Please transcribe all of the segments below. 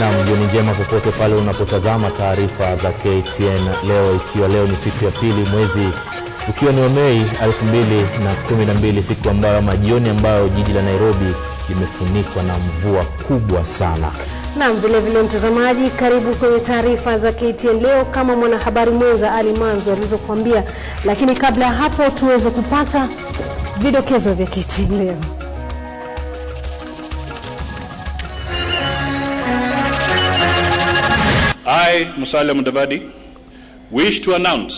Nam, jioni njema popote pale unapotazama taarifa za KTN leo, ikiwa leo ni siku ya pili mwezi ukiwa ni Mei 2012, siku ambayo ama jioni ambayo jiji la Nairobi limefunikwa na mvua kubwa sana. Nam, vilevile mtazamaji, karibu kwenye taarifa za KTN leo, kama mwanahabari mwenza Ali Manzo alivyokuambia. Lakini kabla ya hapo tuweze kupata vidokezo vya KTN leo. I, Musalia Mudavadi, wish to announce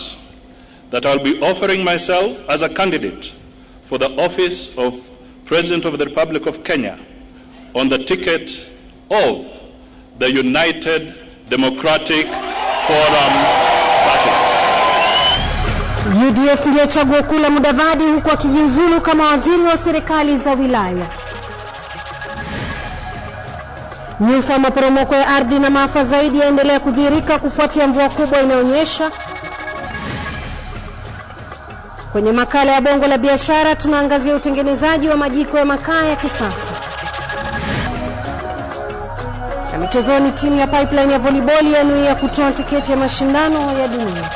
that I'll be offering myself as a candidate for the office of President of the Republic of Kenya on the ticket of the United Democratic Forum Party. UDF ndio chaguo kuu la Mudavadi huku akijiuzulu kama waziri wa serikali za wilaya. Nyufa maporomoko ya ardhi na maafa zaidi yaendelea kudhihirika kufuatia mvua kubwa inayonyesha. Kwenye makala ya Bongo la Biashara tunaangazia utengenezaji wa majiko ya makaa ya kisasa. Na michezoni, timu ya Pipeline ya voliboli yanuia kutoa tiketi ya mashindano ya dunia.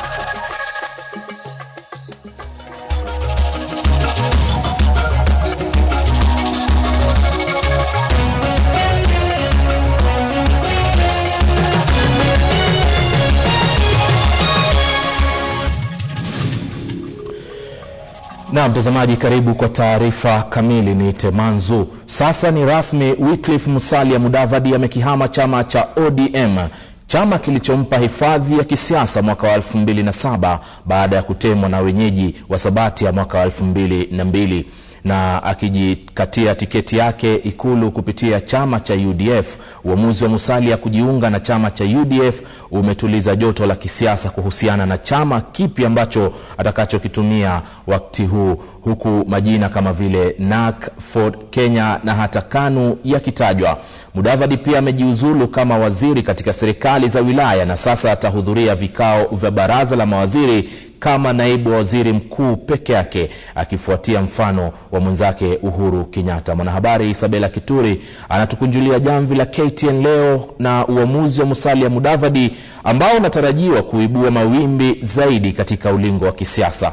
Na mtazamaji, karibu kwa taarifa kamili. Ni Temanzu. Sasa ni rasmi, Wycliffe Musalia Mudavadi amekihama chama cha ODM, chama kilichompa hifadhi ya kisiasa mwaka wa 2007 baada ya kutemwa na wenyeji wa sabati ya mwaka wa 2002 na akijikatia tiketi yake Ikulu kupitia chama cha UDF. Uamuzi wa Musalia kujiunga na chama cha UDF umetuliza joto la kisiasa kuhusiana na chama kipi ambacho atakachokitumia wakati huu huku majina kama vile NAC, Ford Kenya na hata KANU yakitajwa. Mudavadi pia amejiuzulu kama waziri katika serikali za wilaya na sasa atahudhuria vikao vya baraza la mawaziri kama naibu wa waziri mkuu peke yake akifuatia mfano wa mwenzake Uhuru Kenyatta. Mwanahabari Isabela Kituri anatukunjulia jamvi la KTN leo na uamuzi wa Musalia Mudavadi ambao unatarajiwa kuibua mawimbi zaidi katika ulingo wa kisiasa.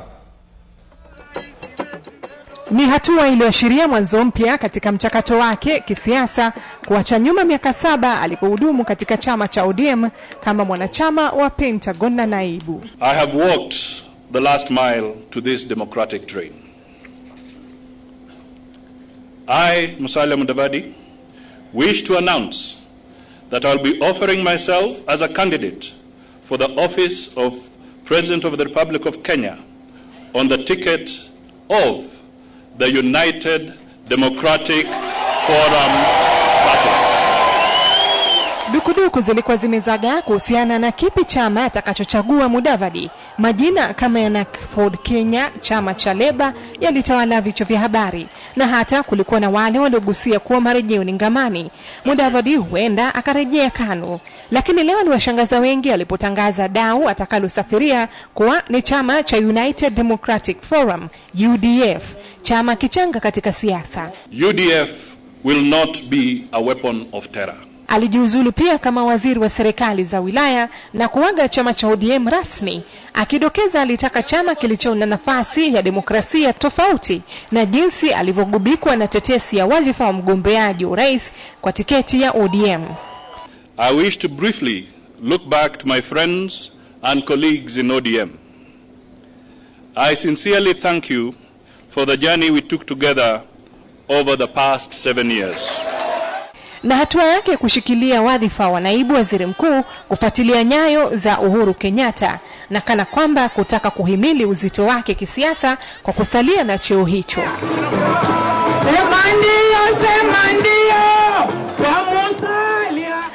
Ni hatua iliyoashiria mwanzo mpya katika mchakato wake kisiasa, kuacha nyuma miaka saba alikohudumu katika chama cha ODM kama mwanachama wa Pentagon na naibu. I have walked the last mile to this democratic train. I, Musalia Mudavadi, wish to announce that I'll be offering myself as a candidate for the office of President of the Republic of Kenya on the ticket of the United Democratic Forum Party. Dukuduku zilikuwa zimezagaa kuhusiana na kipi chama atakachochagua Mudavadi. Majina kama ya Nakford Kenya, chama cha Leba yalitawala vichwa vya habari, na hata kulikuwa na wale waliogusia kuwa marejeo ni ngamani, Mudavadi huenda akarejea KANU. Lakini leo aliwashangaza wengi alipotangaza dau atakalosafiria kuwa ni chama cha United Democratic Forum UDF, chama kichanga katika siasa. UDF will not be a weapon of terror. Alijiuzulu pia kama waziri wa serikali za wilaya na kuaga chama cha ODM rasmi, akidokeza alitaka chama kilicho na nafasi ya demokrasia tofauti na jinsi alivyogubikwa na tetesi ya wadhifa wa mgombeaji urais kwa tiketi ya ODM. I wish to briefly look back to my friends and colleagues in ODM. I sincerely thank you for the journey we took together over the past seven years na hatua yake kushikilia wadhifa wa naibu waziri mkuu kufuatilia nyayo za Uhuru Kenyatta na kana kwamba kutaka kuhimili uzito wake kisiasa kwa kusalia na cheo hicho.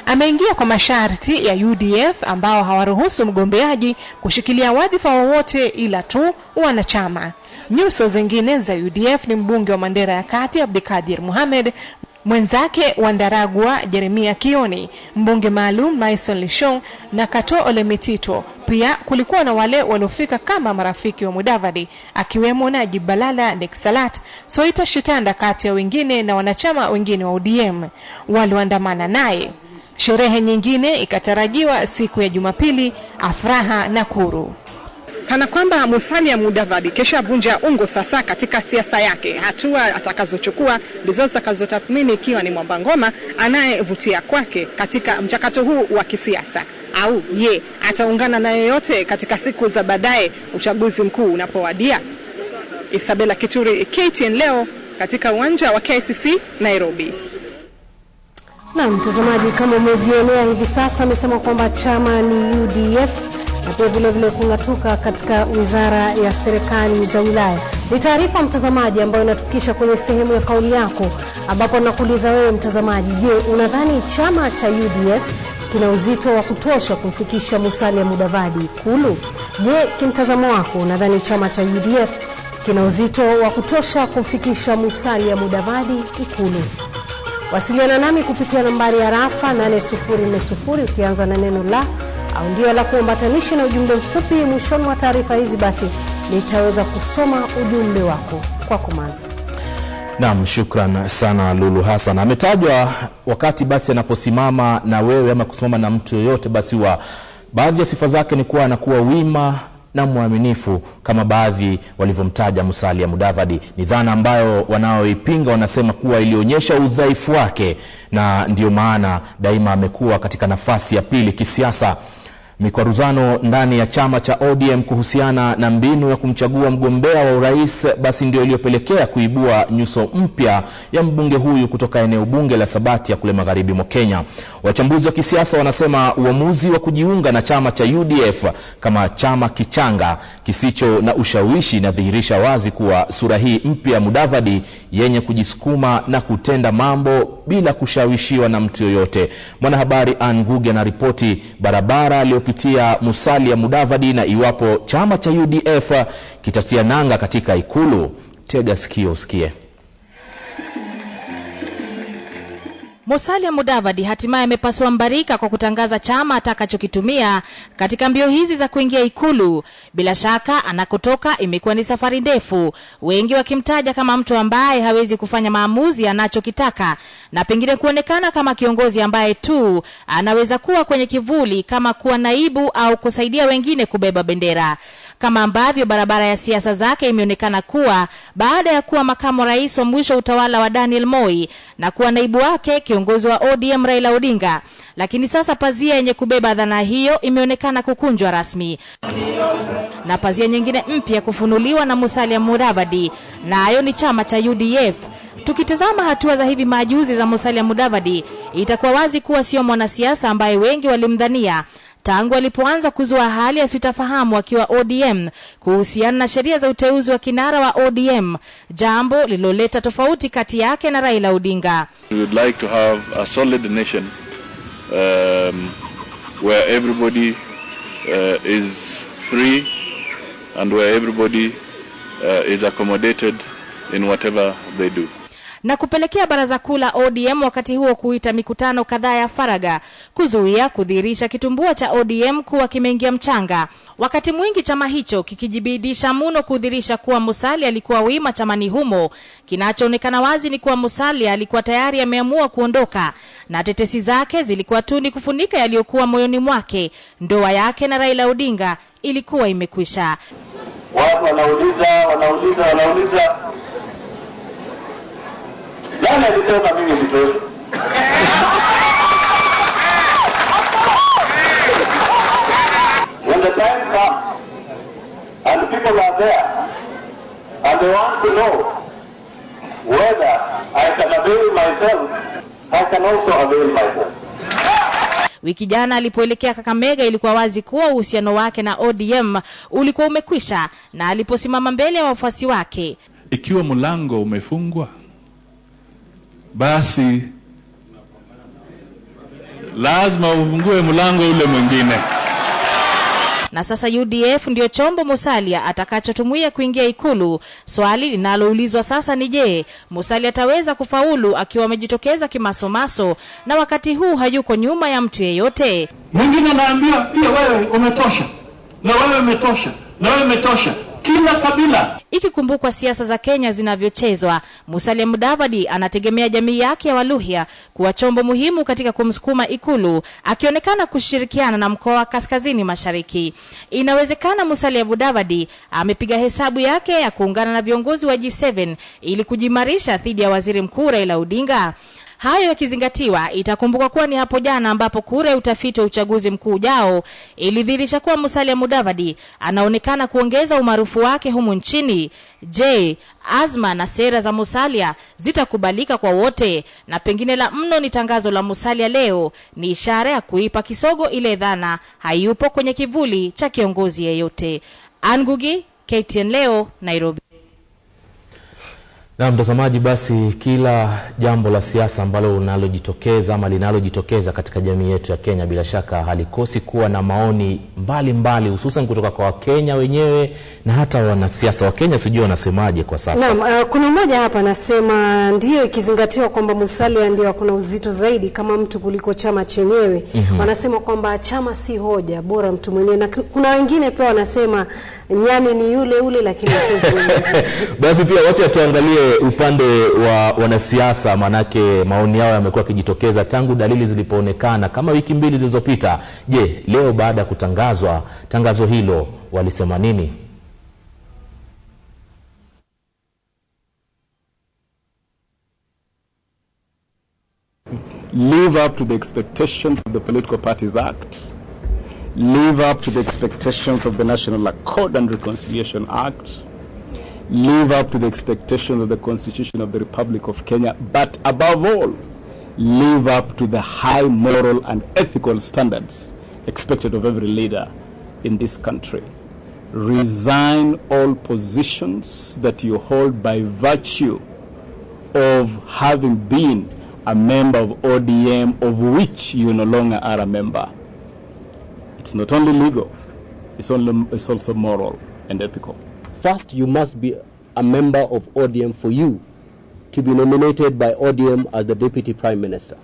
Ameingia kwa masharti ya UDF ambao hawaruhusu mgombeaji kushikilia wadhifa wowote ila tu wanachama. Nyuso zingine za UDF ni mbunge wa Mandera ya Kati Abdikadir Mohamed Mwenzake wa Ndaragwa Jeremia Kioni, mbunge maalum Maison Lishon na Kato olemitito Pia kulikuwa na wale waliofika kama marafiki wa Mudavadi akiwemo na Balala, neksalat Soita Shitanda kati ya wengine na wanachama wengine wa ODM walioandamana naye. Sherehe nyingine ikatarajiwa siku ya Jumapili Afraha kuru kana kwamba Musalia Mudavadi kesha vunja ungo sasa katika siasa yake. Hatua atakazochukua ndizo zitakazotathmini ikiwa ni mwamba ngoma anayevutia kwake katika mchakato huu wa kisiasa au ye ataungana na yeyote katika siku za baadaye uchaguzi mkuu unapowadia. Isabella Kituri, KTN leo katika uwanja wa kcc Nairobi. Na mtazamaji, kama umejionea hivi sasa, amesema kwamba chama ni UDF na pia vilevile kung'atuka katika wizara ya serikali za wilaya. Ni taarifa mtazamaji, ambayo inatufikisha kwenye sehemu ya kauli yako, ambapo nakuuliza wewe mtazamaji, je, unadhani chama cha UDF kina uzito wa kutosha kumfikisha Musalia Mudavadi Ikulu? Je, kimtazamo wako unadhani chama cha UDF kina uzito wa kutosha kumfikisha Musalia Mudavadi Ikulu? Wasiliana nami kupitia nambari ya rafa 800 ukianza na neno la au ndio la kuambatanisha na ujumbe mfupi mwishoni mwa taarifa hizi, basi nitaweza kusoma ujumbe wako kwako mwanzo. Naam, shukran sana Lulu Hassan. Ametajwa wakati basi anaposimama na wewe ama kusimama na mtu yoyote, basi wa baadhi ya sifa zake ni kuwa anakuwa wima na mwaminifu kama baadhi walivyomtaja Musalia Mudavadi. Ni dhana ambayo wanaoipinga wanasema kuwa ilionyesha udhaifu wake, na ndio maana daima amekuwa katika nafasi ya pili kisiasa. Mikwaruzano ndani ya chama cha ODM kuhusiana na mbinu ya kumchagua mgombea wa urais basi ndio iliyopelekea kuibua nyuso mpya ya mbunge huyu kutoka eneo bunge la sabati ya kule magharibi mwa Kenya. Wachambuzi wa kisiasa wanasema uamuzi wa kujiunga na chama cha UDF kama chama kichanga kisicho na ushawishi inadhihirisha wazi kuwa sura hii mpya ya Mudavadi yenye kujisukuma na kutenda mambo bila kushawishiwa na mtu yoyote. Mwanahabari Ann Ngugi anaripoti barabara aliyopitia Musalia Mudavadi na iwapo chama cha UDF kitatia nanga katika Ikulu. Tega sikio usikie. Musalia Mudavadi hatimaye amepasua mbarika kwa kutangaza chama atakachokitumia katika mbio hizi za kuingia Ikulu. Bila shaka, anakotoka imekuwa ni safari ndefu, wengi wakimtaja kama mtu ambaye hawezi kufanya maamuzi anachokitaka na pengine kuonekana kama kiongozi ambaye tu anaweza kuwa kwenye kivuli kama kuwa naibu au kusaidia wengine kubeba bendera kama ambavyo barabara ya siasa zake imeonekana kuwa baada ya kuwa makamu rais wa mwisho utawala wa Daniel Moi na kuwa naibu wake kiongozi wa ODM Raila Odinga, lakini sasa pazia yenye kubeba dhana hiyo imeonekana kukunjwa rasmi na pazia nyingine mpya kufunuliwa na Musalia Mudavadi, nayo na ni chama cha UDF. Tukitazama hatua za hivi majuzi za Musalia Mudavadi, itakuwa wazi kuwa sio mwanasiasa ambaye wengi walimdhania tangu alipoanza kuzua hali ya akiwa ODM kuhusiana na sheria za uteuzi wa kinara wa ODM, jambo lililoleta tofauti kati yake na Raila Odinga. We would like to have a solid nation um, where everybody uh, is free and where everybody uh, is accommodated in whatever they do na kupelekea baraza kuu la ODM wakati huo kuita mikutano kadhaa ya faraga kuzuia kudhihirisha kitumbua cha ODM kuwa kimeingia mchanga. Wakati mwingi chama hicho kikijibidisha muno kudhihirisha kuwa musali alikuwa wima chamani humo. Kinachoonekana wazi ni kuwa musali alikuwa tayari ameamua kuondoka, na tetesi zake zilikuwa tu ni kufunika yaliyokuwa moyoni mwake. Ndoa yake na Raila Odinga ilikuwa imekwisha. Watu wanauliza wanauliza wanauliza Jana alisema mimi ni mtoto. When the time comes and people are there and they want to know whether I can avail myself, I can also avail myself. Wiki jana alipoelekea Kakamega ilikuwa wazi kuwa uhusiano wake na ODM ulikuwa umekwisha na aliposimama mbele ya wafuasi wake. Ikiwa mlango umefungwa basi lazima ufungue mlango ule mwingine. Na sasa UDF ndio chombo Musalia atakachotumia kuingia Ikulu. Swali linaloulizwa sasa ni je, Musalia ataweza kufaulu akiwa amejitokeza kimasomaso na wakati huu hayuko nyuma ya mtu yeyote? Mwingine anaambia pia, wewe umetosha, na wewe umetosha, na wewe umetosha kila kabila. Ikikumbukwa siasa za Kenya zinavyochezwa, Musalia Mudavadi anategemea jamii yake ya Waluhya kuwa chombo muhimu katika kumsukuma Ikulu, akionekana kushirikiana na mkoa wa kaskazini mashariki. Inawezekana Musalia Mudavadi amepiga hesabu yake ya kuungana na viongozi wa G7 ili kujimarisha dhidi ya waziri mkuu Raila Odinga. Hayo yakizingatiwa, itakumbuka kuwa ni hapo jana ambapo kura ya utafiti wa uchaguzi mkuu ujao ilidhihirisha kuwa Musalia Mudavadi anaonekana kuongeza umaarufu wake humu nchini. Je, azma na sera za Musalia zitakubalika kwa wote? Na pengine la mno ni tangazo la Musalia leo ni ishara ya kuipa kisogo ile dhana hayupo kwenye kivuli cha kiongozi yeyote. Angugi, KTN leo, Nairobi. Na mtazamaji, basi kila jambo la siasa ambalo unalojitokeza ama linalojitokeza katika jamii yetu ya Kenya bila shaka halikosi kuwa na maoni mbalimbali, hususan kutoka kwa Wakenya wenyewe na hata wanasiasa wa Kenya. Sijui wanasemaje kwa sasa. Naam, uh, kuna mmoja hapa anasema ndiyo, ikizingatiwa kwamba Musalia ndio kuna uzito zaidi kama mtu kuliko chama chenyewe. mm -hmm. Wanasema kwamba chama si hoja, bora mtu mwenyewe, na kuna wengine pia wanasema nyani ni yule ule, lakini basi pia wacha tuangalie upande wa wanasiasa, manake maoni yao yamekuwa yakijitokeza tangu dalili zilipoonekana kama wiki mbili zilizopita. Je, leo baada ya kutangazwa tangazo hilo walisema nini? Live up to the expectations of the Political Parties Act. Live up to the expectations of the National Accord and Reconciliation Act. live up to the expectations of the Constitution of the Republic of Kenya, but above all, live up to the high moral and ethical standards expected of every leader in this country. Resign all positions that you hold by virtue of having been a member of ODM, of which you no longer are a member. It's not only legal, it's, only, it's also moral and ethical. First, you must be a member of ODM for you to be nominated by ODM as the Deputy Prime Minister.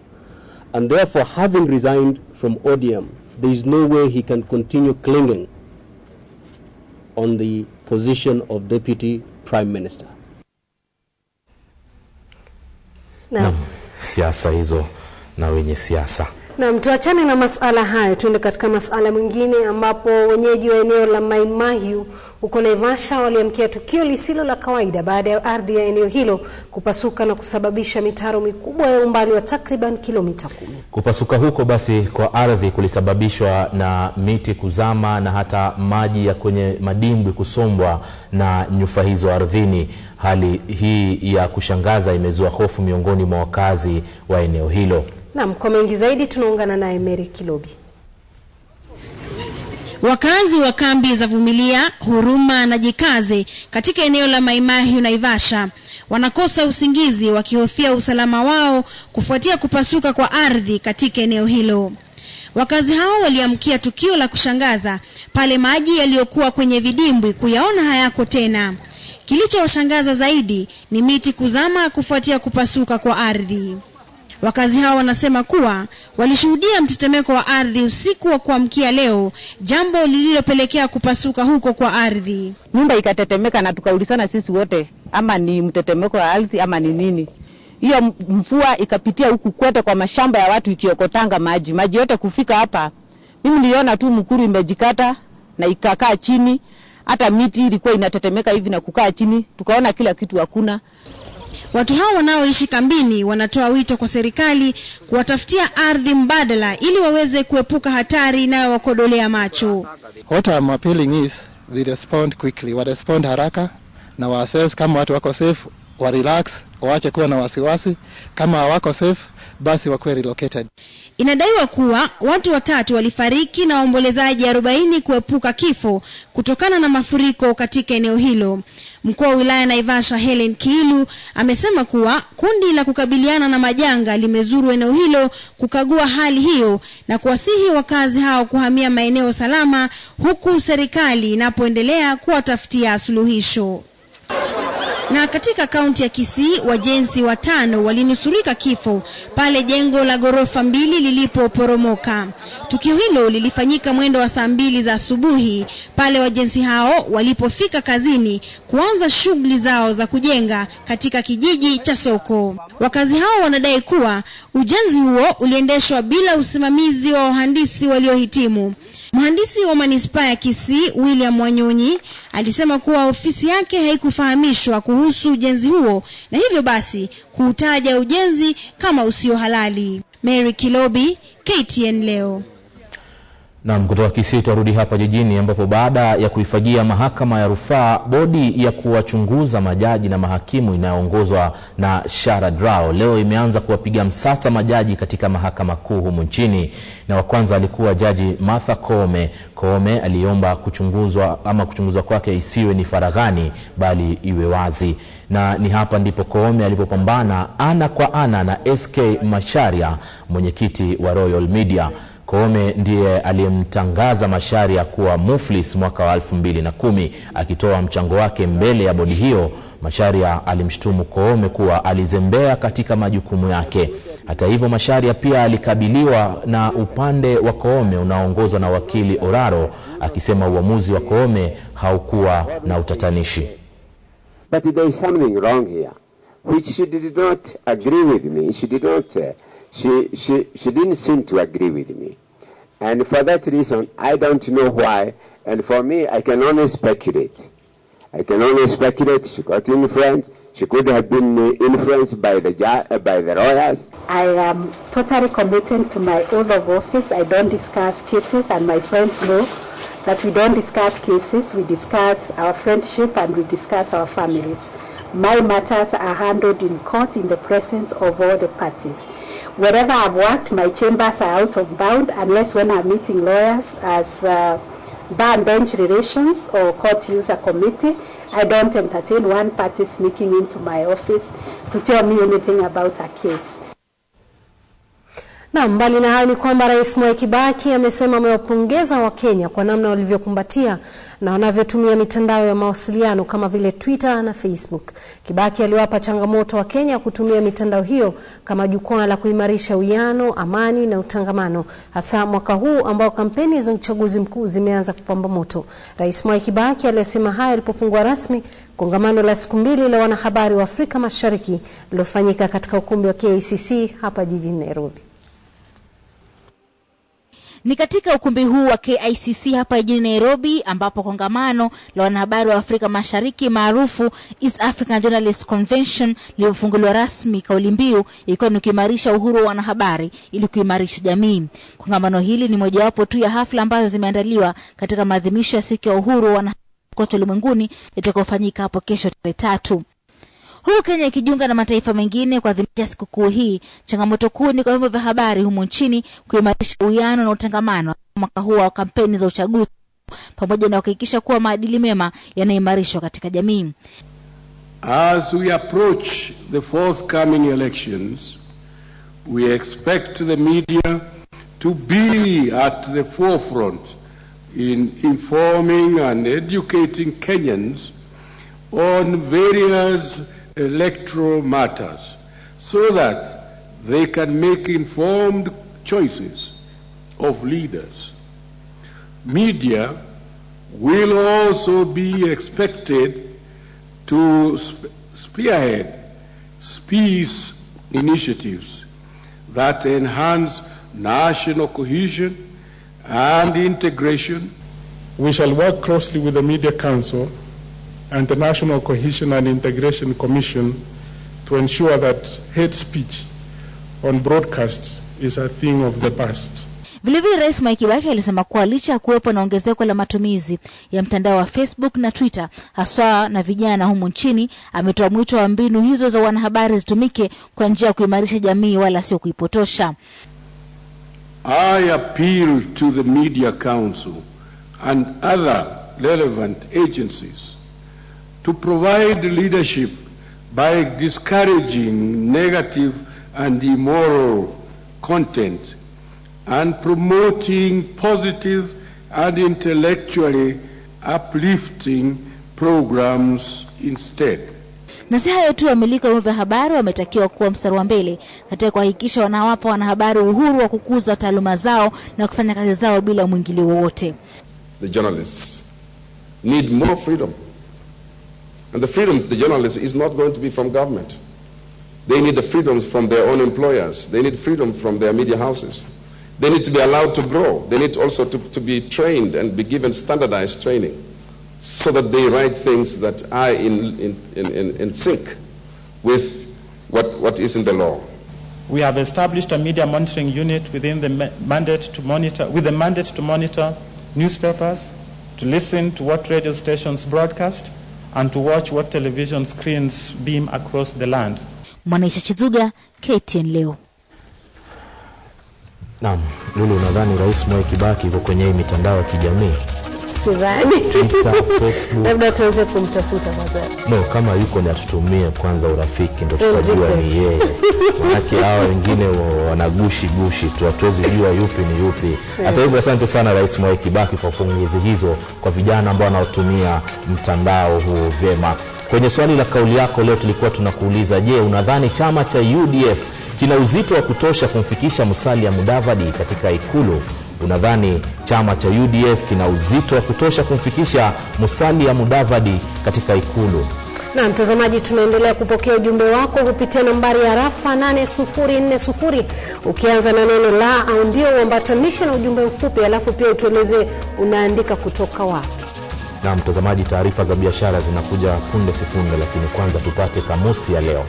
And therefore, having resigned from ODM, there is no way he can continue clinging on the position of Deputy Prime Minister. Naam, siasa hizo na wenye siasa Naam, tuachane na masala hayo, tuende katika masala mwingine ambapo wenyeji wa eneo la Mainmahiu huko Naivasha waliamkia tukio lisilo la kawaida baada ya ardhi ya eneo hilo kupasuka na kusababisha mitaro mikubwa ya umbali wa takriban kilomita kumi. Kupasuka huko basi kwa ardhi kulisababishwa na miti kuzama na hata maji ya kwenye madimbwi kusombwa na nyufa hizo ardhini. Hali hii ya kushangaza imezua hofu miongoni mwa wakazi wa eneo hilo. Naam, kwa mengi zaidi tunaungana naye Mary Kilobi. Wakazi wa kambi za Vumilia, Huruma na Jikaze katika eneo la Maimahiu Naivasha wanakosa usingizi wakihofia usalama wao kufuatia kupasuka kwa ardhi katika eneo hilo. Wakazi hao waliamkia tukio la kushangaza pale maji yaliyokuwa kwenye vidimbwi kuyaona hayako tena. Kilichowashangaza zaidi ni miti kuzama kufuatia kupasuka kwa ardhi. Wakazi hao wanasema kuwa walishuhudia mtetemeko wa ardhi usiku wa kuamkia leo, jambo lililopelekea kupasuka huko kwa ardhi. Nyumba ikatetemeka na tukaulizana sisi wote, ama ni mtetemeko wa ardhi ama ni nini? Hiyo mvua ikapitia huku kwete kwa mashamba ya watu ikiokotanga maji, maji yote kufika hapa. Mimi niliona tu mkuru imejikata na ikakaa chini, hata miti ilikuwa inatetemeka hivi na kukaa chini, tukaona kila kitu hakuna. Watu hao wanaoishi kambini wanatoa wito kwa serikali kuwatafutia ardhi mbadala ili waweze kuepuka hatari inayowakodolea macho. What I'm appealing is we respond quickly, wa respond haraka na waassess kama watu wako safe, wa relax, waache kuwa na wasiwasi kama hawako safe basi wakuwe relocated. Inadaiwa kuwa watu watatu walifariki na waombolezaji 40 kuepuka kifo kutokana na mafuriko katika eneo hilo. Mkuu wa wilaya Naivasha Helen Kiilu amesema kuwa kundi la kukabiliana na majanga limezuru eneo hilo kukagua hali hiyo na kuwasihi wakazi hao kuhamia maeneo salama huku serikali inapoendelea kuwatafutia suluhisho. Na katika kaunti ya Kisii wajenzi watano walinusurika kifo pale jengo la ghorofa mbili lilipoporomoka. Tukio hilo lilifanyika mwendo wa saa mbili za asubuhi pale wajenzi hao walipofika kazini kuanza shughuli zao za kujenga katika kijiji cha Soko. Wakazi hao wanadai kuwa ujenzi huo uliendeshwa bila usimamizi wa wahandisi waliohitimu. Mhandisi wa manispaa ya Kisii William Wanyonyi alisema kuwa ofisi yake haikufahamishwa kuhusu ujenzi huo na hivyo basi kuutaja ujenzi kama usio halali. Mary Kilobi, KTN leo. Nam, kutoka Kisii tuarudi hapa jijini ambapo baada ya kuifagia mahakama ya rufaa bodi ya kuwachunguza majaji na mahakimu inayoongozwa na Sharad Rao leo imeanza kuwapiga msasa majaji katika mahakama kuu humu nchini, na wa kwanza alikuwa Jaji Martha Koome. Koome aliomba kuchunguzwa ama kuchunguzwa kwake isiwe ni faraghani bali iwe wazi, na ni hapa ndipo Koome alipopambana ana kwa ana na SK Macharia, mwenyekiti wa Royal Media. Koome ndiye aliyemtangaza Macharia kuwa muflis mwaka wa 2010. Akitoa mchango wake mbele ya bodi hiyo, Macharia alimshutumu Koome kuwa alizembea katika majukumu yake. Hata hivyo, Macharia pia alikabiliwa na upande wa Koome unaoongozwa na wakili Oraro, akisema uamuzi wa Koome haukuwa na utatanishi. But there is something wrong here which she did not agree with me she did not, she, she, she didn't seem to agree with me And for that reason, I don't know why. And for me, I can only speculate. I can only speculate. She got influenced. She could have been influenced by the uh, by the lawyers. I am totally committed to my oath of office. I don't discuss cases, and my friends know that we don't discuss cases. We discuss our friendship and we discuss our families. My matters are handled in court in the presence of all the parties wherever I've worked, my chambers are out of bound unless when I'm meeting lawyers as uh, bar and bench relations or court user committee. I don't entertain one party sneaking into my office to tell me anything about a case. Na mbali na hayo ni kwamba Rais Mwai Kibaki amesema amewapongeza Wakenya kwa namna walivyokumbatia na wanavyotumia mitandao ya mawasiliano kama vile Twitter na Facebook. Kibaki aliwapa changamoto Wakenya kutumia mitandao hiyo kama jukwaa la kuimarisha uwiano, amani na utangamano, hasa mwaka huu ambao kampeni za uchaguzi mkuu zimeanza kupamba moto. Rais Mwai Kibaki aliyesema hayo alipofungua rasmi kongamano la siku mbili la wanahabari wa Afrika Mashariki lilofanyika katika ukumbi wa KICC hapa jijini Nairobi. Ni katika ukumbi huu wa KICC hapa jijini Nairobi ambapo kongamano la wanahabari wa Afrika Mashariki maarufu East African journalist Convention lililofunguliwa rasmi, kauli mbiu ilikuwa ni kuimarisha uhuru wa wanahabari ili kuimarisha jamii. Kongamano hili ni mojawapo tu ya hafla ambazo zimeandaliwa katika maadhimisho ya siku ya uhuru wa wanahabari kote ulimwenguni itakayofanyika hapo kesho tarehe tatu. Huku Kenya ikijiunga na mataifa mengine kuadhimisha sikukuu hii, changamoto kuu ni kwa vyombo vya habari humu nchini kuimarisha uwiano na utangamano mwaka huu wa kampeni za uchaguzi pamoja na kuhakikisha kuwa maadili mema yanaimarishwa katika jamii. As we approach the forthcoming elections, we expect the media to be at the forefront in informing and educating Kenyans on various electoral matters so that they can make informed choices of leaders. Media will also be expected to spearhead peace initiatives that enhance national cohesion and integration. We shall work closely with the Media Council and the National Cohesion and Integration Commission to ensure that hate speech on broadcast is a thing of the past. Vilevile Rais Mwai Kibaki alisema kuwa licha ya kuwepo na ongezeko la matumizi ya mtandao wa Facebook na Twitter haswa na vijana humu nchini, ametoa mwito wa mbinu hizo za wanahabari zitumike kwa njia ya kuimarisha jamii wala sio kuipotosha. I appeal to the Media Council and other relevant agencies to provide leadership by discouraging negative and immoral content and promoting positive and intellectually uplifting programs instead. Na si hayo tu, wamiliki wa vyombo vya habari wametakiwa kuwa mstari wa mbele katika kuhakikisha wanawapa wanahabari uhuru wa kukuza taaluma zao na kufanya kazi zao bila mwingilio wowote. The journalists need more freedom. And the freedom of the journalists is not going to be from government. They need the freedoms from their own employers. They need freedom from their media houses. They need to be allowed to grow. They need also to, to be trained and be given standardized training so that they write things that are in, in, in, in, sync with what, what is in the law. We have established a media monitoring unit within the mandate to monitor, with the mandate to monitor newspapers, to listen to what radio stations broadcast, and to watch what television screens beam across the land. Mwanaisha Chizuga, KTN leo. Naam, Lulu, unadhani Rais Mwai Kibaki yuko kwenye mitandao ya kijamii? labda tuanze kumtafuta No, kama yuko ni atutumie kwanza urafiki, ndo tutajua ni yeye, manake hawa wengine wanagushi gushi tu, hatuwezi jua yupi ni yupi. Hata hivyo, asante sana Rais Mwai Kibaki kwa pongezi hizo kwa vijana ambao wanaotumia mtandao huo vyema. Kwenye swali la kauli yako leo tulikuwa tunakuuliza, je, unadhani chama cha UDF kina uzito wa kutosha kumfikisha Musalia Mudavadi katika Ikulu? Unadhani chama cha UDF kina uzito wa kutosha kumfikisha Musalia Mudavadi katika Ikulu? Na mtazamaji, tunaendelea kupokea ujumbe wako kupitia nambari ya rafa 8040 ukianza na neno la au ndio uambatanishe na ujumbe mfupi, alafu pia utueleze unaandika kutoka wapi. Na mtazamaji, taarifa za biashara zinakuja punde sekunde, lakini kwanza tupate kamusi ya leo.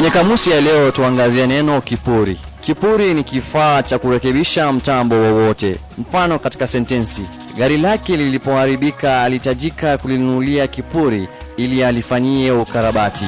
Kwenye kamusi ya leo tuangazie neno kipuri. Kipuri ni kifaa cha kurekebisha mtambo wowote. Mfano katika sentensi, gari lake lilipoharibika alihitajika kulinunulia kipuri ili alifanyie ukarabati.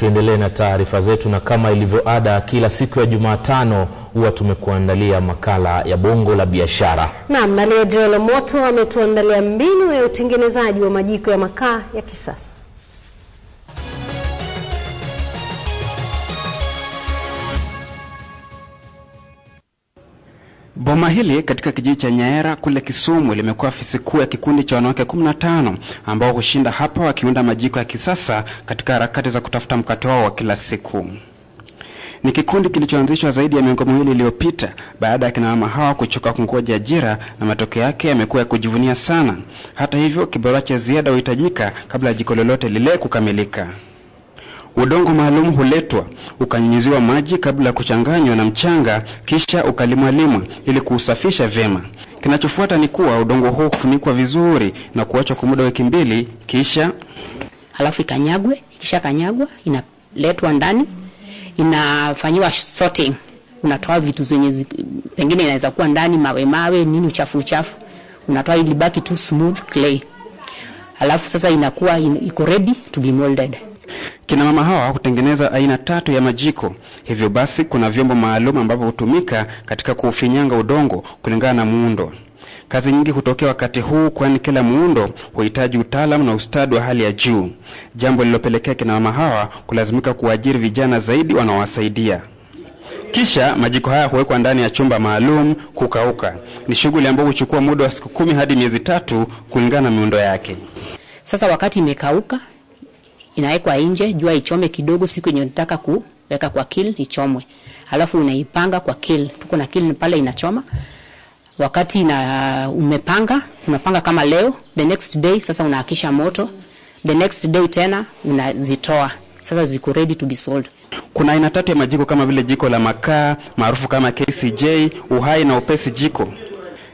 Tuendelee na taarifa zetu, na kama ilivyoada kila siku ya Jumatano huwa tumekuandalia makala ya Bongo la Biashara. Naam, na leo Joel moto ametuandalia mbinu ya utengenezaji wa majiko ya makaa ya kisasa. Boma hili katika kijiji cha Nyaera kule Kisumu limekuwa afisi kuu ya kikundi cha wanawake 15 ambao hushinda hapa wakiunda majiko ya kisasa katika harakati za kutafuta mkate wao wa kila siku. Ni kikundi kilichoanzishwa zaidi ya miongo miwili iliyopita baada ya kinamama hawa kuchoka kungoja ajira, na matokeo yake yamekuwa ya kujivunia sana. Hata hivyo, kibarua cha ziada huhitajika kabla ya jiko lolote lile kukamilika. Udongo maalum huletwa ukanyunyiziwa maji kabla ya kuchanganywa na mchanga, kisha ukalimwalimwa ili kuusafisha vyema. Kinachofuata ni kuwa udongo huo hufunikwa vizuri na kuachwa kwa muda wiki mbili, kisha halafu ikanyagwe. Kisha kanyagwa, inaletwa ndani, inafanyiwa sorting. Unatoa vitu zenye pengine inaweza kuwa ndani, mawe mawe, nini, uchafu uchafu, unatoa ili baki tu smooth clay. Halafu sasa inakuwa iko ready to be molded. Kina mama hawa hutengeneza aina tatu ya majiko. Hivyo basi kuna vyombo maalum ambavyo hutumika katika kuufinyanga udongo kulingana na muundo. Kazi nyingi hutokea wakati huu, kwani kila muundo huhitaji utaalamu na ustadi wa hali ya juu, jambo lililopelekea kina mama hawa kulazimika kuajiri vijana zaidi wanaowasaidia. Kisha majiko haya huwekwa ndani ya chumba maalum kukauka. Ni shughuli ambayo huchukua muda wa siku kumi hadi miezi tatu kulingana na miundo yake. Sasa wakati imekauka, inawekwa nje, jua ichome kidogo, siku yenye unataka kuweka kwa kiln ichomwe, alafu unaipanga kwa kiln. Tuko na kiln pale inachoma wakati ina, umepanga unapanga kama leo, the next day sasa unahakisha moto, the next day tena unazitoa sasa, ziko ready to be sold. Kuna aina tatu ya majiko kama vile jiko la makaa maarufu kama KCJ, uhai na upesi jiko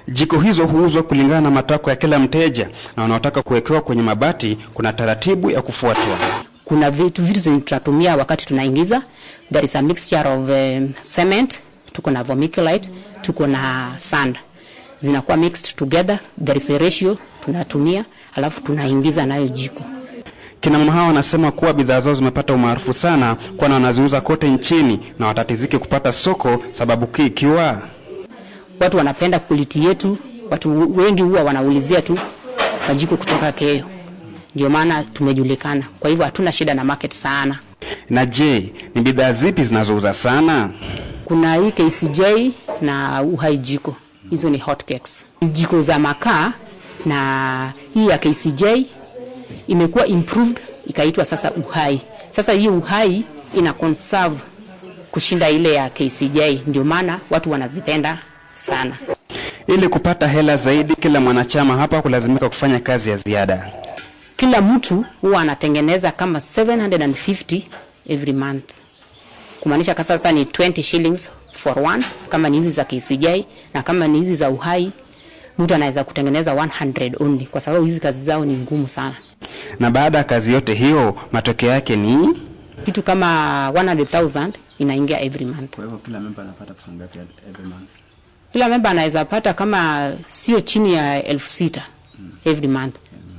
Jiko hizo huuzwa kulingana na matakwa ya kila mteja, na wanaotaka kuwekewa kwenye mabati kuna taratibu ya kufuatwa. Kuna vitu vitu zenye tunatumia wakati tunaingiza, there is a mixture of um, cement, tuko na vermiculite, tuko na sand, zinakuwa mixed together, there is a ratio tunatumia, alafu tunaingiza nayo jiko. Kina mama hawa wanasema kuwa bidhaa zao zimepata umaarufu sana, kwani wanaziuza kote nchini na watatizike kupata soko, sababu kii ikiwa watu wanapenda quality yetu. Watu wengi huwa wanaulizia tu majiko kutoka Keyo, ndio maana tumejulikana. Kwa hivyo hatuna shida na market sana. Na je, ni bidhaa zipi zinazouza sana? Kuna hii KCJ na uhai jiko, hizo ni hot cakes, jiko za makaa, na hii ya KCJ imekuwa improved ikaitwa sasa uhai. Sasa hii uhai ina conserve kushinda ile ya KCJ, ndio maana watu wanazipenda sana. Ili kupata hela zaidi, kila mwanachama hapa kulazimika kufanya kazi ya ziada. Kila mtu huwa anatengeneza kama 750 every month, kumaanisha kwa sasa ni 20 shillings for one. Kama ni hizi za KCJ na kama ni hizi za uhai, mtu anaweza kutengeneza 100 only, kwa sababu hizi kazi zao ni ngumu sana. Na baada ya kazi yote hiyo, matokeo yake ni kitu kama 100,000 inaingia every month. Kwa hivyo kila member anapata pesa ngapi every month? kila member anaweza pata kama sio chini ya elfu sita mm. every month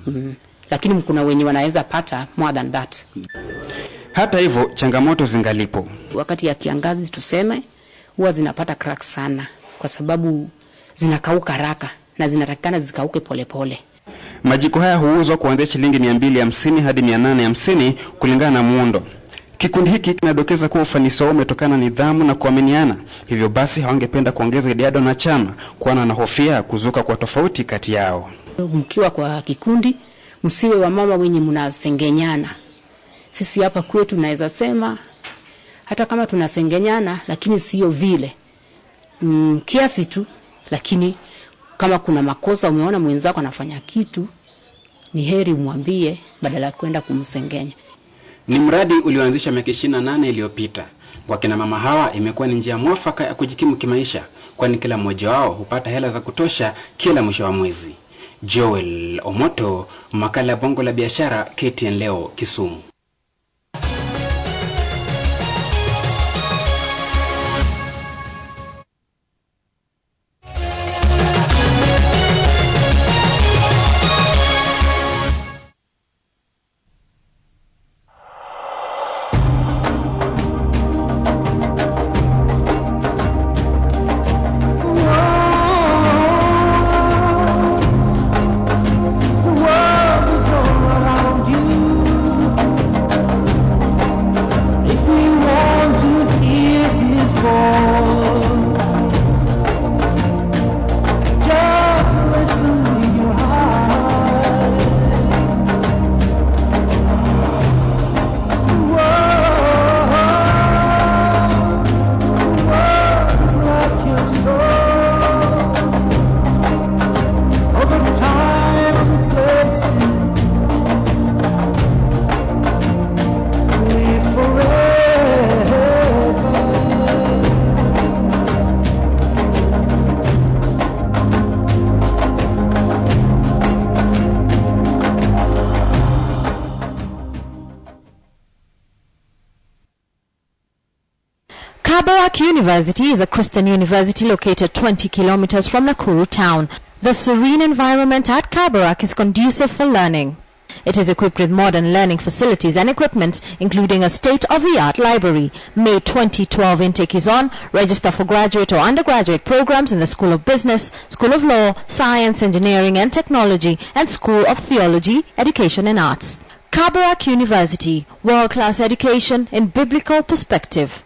mm. Lakini kuna wenye wanaweza pata more than that. Hata hivyo changamoto zingalipo. Wakati ya kiangazi tuseme, huwa zinapata crack sana, kwa sababu zinakauka haraka na zinatakikana zikauke polepole. Majiko haya huuzwa kuanzia shilingi 250 hadi 850 kulingana na muundo. Kikundi hiki kinadokeza kuwa ufanisi wao umetokana nidhamu na kuaminiana, hivyo basi hawangependa kuongeza idadi ya wanachama, kwani wanahofia kuzuka kwa tofauti kati yao. Mkiwa kwa kikundi, msiwe wa mama wenye mnasengenyana. Sisi hapa kwetu naweza sema hata kama tunasengenyana, lakini sio vile mm, kiasi tu, lakini kama kuna makosa umeona mwenzako anafanya kitu, ni heri umwambie badala ya kwenda kumsengenya. Ni mradi ulioanzishwa miaka 28 iliyopita. Kwa kina mama hawa imekuwa ni njia mwafaka ya kujikimu kimaisha, kwani kila mmoja wao hupata hela za kutosha kila mwisho wa mwezi. Joel Omoto, makala ya Bongo la Biashara, KTN Leo, Kisumu. University is a Christian university located 20 kilometers from Nakuru town. The serene environment at Kabarak is conducive for learning. It is equipped with modern learning facilities and equipment, including a state-of-the-art library. May 2012 intake is on. Register for graduate or undergraduate programs in the School of Business, School of Law, Science, Engineering and Technology, and School of Theology, Education and Arts. Kabarak University, world-class education in biblical perspective.